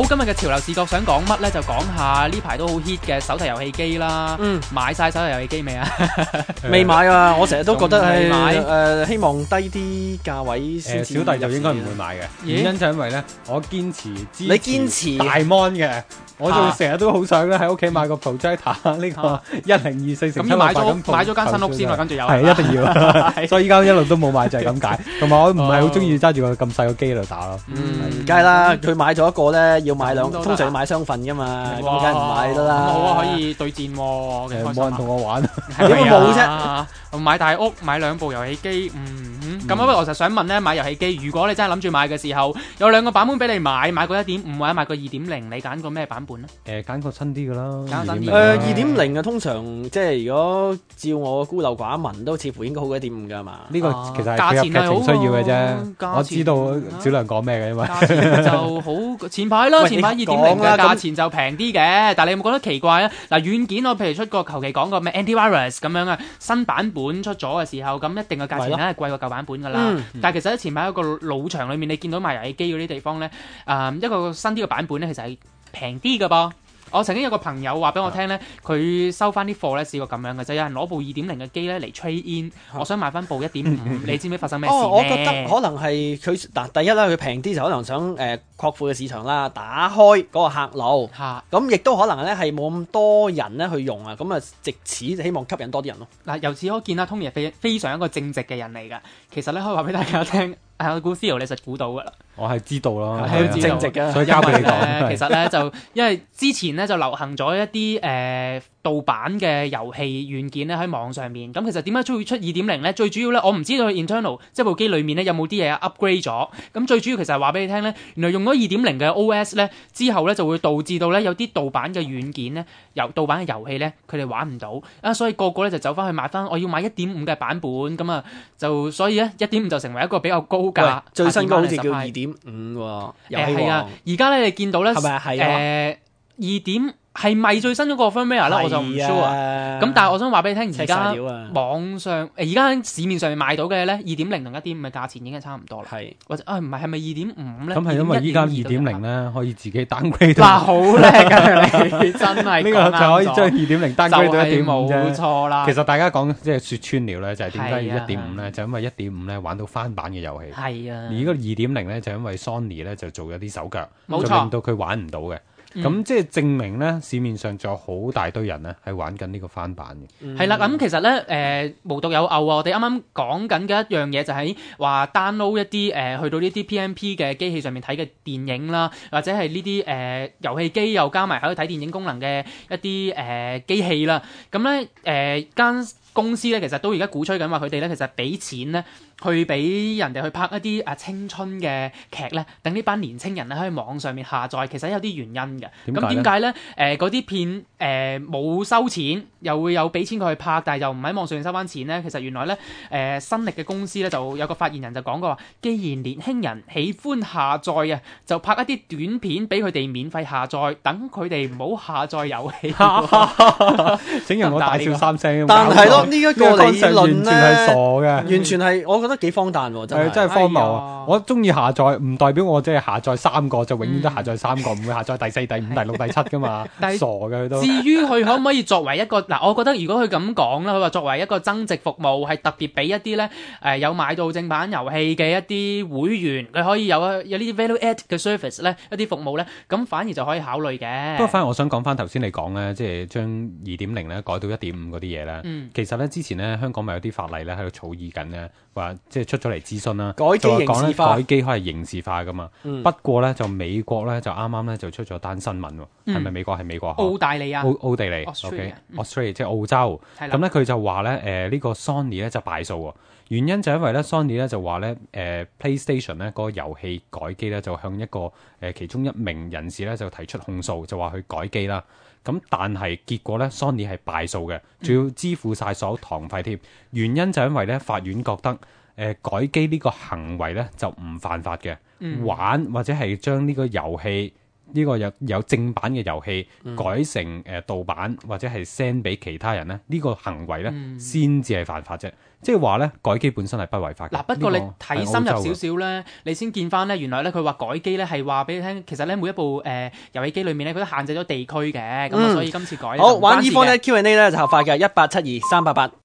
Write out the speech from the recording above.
好，今日嘅潮流視角想講乜咧？就講下呢排都好 hit 嘅手提遊戲機啦。嗯，買晒手提遊戲機未啊？未買啊！我成日都覺得係誒，希望低啲價位。小弟就應該唔會買嘅。原因就因為咧，我堅持支你堅持大 mon 嘅，我就成日都好想咧喺屋企買個 projector 呢個一零二四乘七百咁。買咗買咗間新屋先啊，跟住有係一定要。所以依家一路都冇買就係咁解，同埋我唔係好中意揸住個咁細個機喺度打咯。嗯，梗係啦，佢買咗一個咧。要買兩，通常要買雙份㗎嘛，咁梗係唔買得啦。好啊，可以對戰喎，其實冇人同我玩，點解冇啫？買大屋，買兩部遊戲機，嗯。咁啊！我成日想問咧，買遊戲機，如果你真係諗住買嘅時候，有兩個版本俾你買，買個一點五或者買個二點零，你揀個咩版本咧？誒，揀個新啲噶咯，簡單啲。誒，二點零嘅通常即係如果照我孤陋寡聞，都似乎應該好過一點五噶嘛？呢個其實係價錢係好需要嘅啫。我知道小亮講咩嘅，因為就好前排啦，前排二點零嘅價錢就平啲嘅。但係你有冇覺得奇怪咧？嗱，軟件我譬如出個求其講個咩 Anti Virus 咁樣嘅新版本出咗嘅時候，咁一定嘅價錢肯定貴過舊版。本㗎啦，嗯嗯、但係其實喺前排一個老場裏面，你見到賣遊戲機嗰啲地方咧，誒、嗯、一個新啲嘅版本咧，其實係平啲㗎噃。我曾經有個朋友話俾我聽咧，佢是的 收翻啲貨咧，試過咁樣嘅，就有人攞部二點零嘅機咧嚟 trade in，我想買翻部一點五，你知唔知發生咩事？哦，我覺得可能係佢嗱第一咧，佢平啲就可能想誒擴闊個市場啦，打開嗰個客路，咁亦都可能咧係冇咁多人咧去用啊，咁啊藉此希望吸引多啲人咯。嗱，由此可見啦，Tony 係非常一個正直嘅人嚟㗎，其實咧可以話俾大家聽。係啊，e 思 l 你實估到噶啦？我係知道咯，正直啊，所以交俾你講。呢 其實咧就因為之前咧就流行咗一啲誒盜版嘅遊戲軟件咧喺網上面。咁其實點解出會出二點零咧？最主要咧我唔知道 internal 即部機裏面咧有冇啲嘢 upgrade 咗。咁最主要其實話俾你聽咧，原來用咗二點零嘅 OS 咧之後咧就會導致到咧有啲盜版嘅軟件咧由盜版嘅遊戲咧佢哋玩唔到啊，所以個個咧就走翻去買翻，我要買一點五嘅版本。咁啊就所以咧一點五就成為一個比較高。最新嗰好似叫二點五喎，係啊！而家咧你見到咧係咪啊？係啊，二、呃、點。係咪最新嗰個 firmware 咧，我就唔 sure 啊。咁但係我想話俾你聽，而家網上而家喺市面上面賣到嘅咧，二點零同一點五嘅價錢已經係差唔多啦。係或者啊，唔係係咪二點五咧？咁係因為依家二點零咧，可以自己 downgrade 到。嗱好叻㗎你，真係呢個就可以將二點零 downgrade 到一點五啫。冇錯啦。其實大家講即係說穿了咧，就係點解要一點五咧？就因為一點五咧玩到翻版嘅遊戲。係啊。而嗰二點零咧，就因為 Sony 咧就做咗啲手腳，就令到佢玩唔到嘅。咁、嗯、即係證明咧，市面上仲有好大堆人咧，係玩緊呢個翻版嘅。係啦、嗯，咁、嗯嗯、其實咧，誒、呃、無獨有偶喎、啊。我哋啱啱講緊嘅一樣嘢就係話 download 一啲誒、呃，去到呢啲 PMP 嘅機器上面睇嘅電影啦，或者係呢啲誒遊戲機又加埋喺度睇電影功能嘅一啲誒、呃、機器啦。咁咧誒間公司咧，其實都而家鼓吹緊話佢哋咧，其實俾錢咧。去俾人哋去拍一啲啊青春嘅劇咧，等呢班年青人咧喺網上面下載，其實有啲原因嘅。咁點解咧？嗰啲、呃、片冇、呃、收錢，又會有俾錢佢去拍，但係又唔喺網上收翻錢咧？其實原來咧、呃、新力嘅公司咧就有個發言人就講過話，既然年輕人喜歡下載啊，就拍一啲短片俾佢哋免費下載，等佢哋唔好下載遊戲、啊。請 容我大笑三聲， 但係咯呢一個理論係傻嘅完全係、嗯、我。都幾荒誕喎！真係荒謬。哎、呀我中意下載，唔代表我即係下載三個就永遠都下載三個，唔、嗯、會下載第四、第五、 第六、第七㗎嘛。傻嘅佢都。至於佢可唔可以作為一個嗱，我覺得如果佢咁講啦，佢話作為一個增值服務，係特別俾一啲咧誒有買到正版遊戲嘅一啲會員，佢可以有啊有呢啲 value add 嘅 service 咧，一啲服務咧，咁反而就可以考慮嘅。不過，反而我想講翻頭先你講咧，即係將二點零咧改到一點五嗰啲嘢咧，嗯、其實咧之前咧香港咪有啲法例咧喺度草擬緊咧，話即係出咗嚟諮詢啦、啊，改就講改機可係刑事化噶嘛。嗯、不過咧就美國咧就啱啱咧就出咗單新聞、啊，係咪、嗯、美國係美國？澳大利亞、奧地利澳大利、Australia，okay ,、嗯、即澳洲。咁咧佢就話咧呢、呃呢個 Sony 咧就敗訴喎，原因就因為咧 Sony 咧就話咧 PlayStation 咧個、嗰個遊戲改機咧就向一個、呃、其中一名人士咧就提出控訴，就話佢改機啦。咁但係結果咧 Sony 係敗訴嘅，仲要支付晒所有堂費添。嗯、原因就因為咧法院覺得。誒、呃、改機呢個行為咧就唔犯法嘅，嗯、玩或者係將呢個遊戲呢個有有正版嘅遊戲改成誒盜、呃、版或者係 send 俾其他人咧，呢、這個行為咧先至係犯法啫。即係話咧改機本身係不違法嘅。嗱、啊，不過你睇深入少少咧，你先見翻咧原來咧佢話改機咧係話俾你聽，其實咧每一部誒遊戲機裏面咧佢都限制咗地區嘅，咁、嗯、所以今次改好玩方、a、呢方呢 Q&A 咧就合法嘅，一八七二三八八。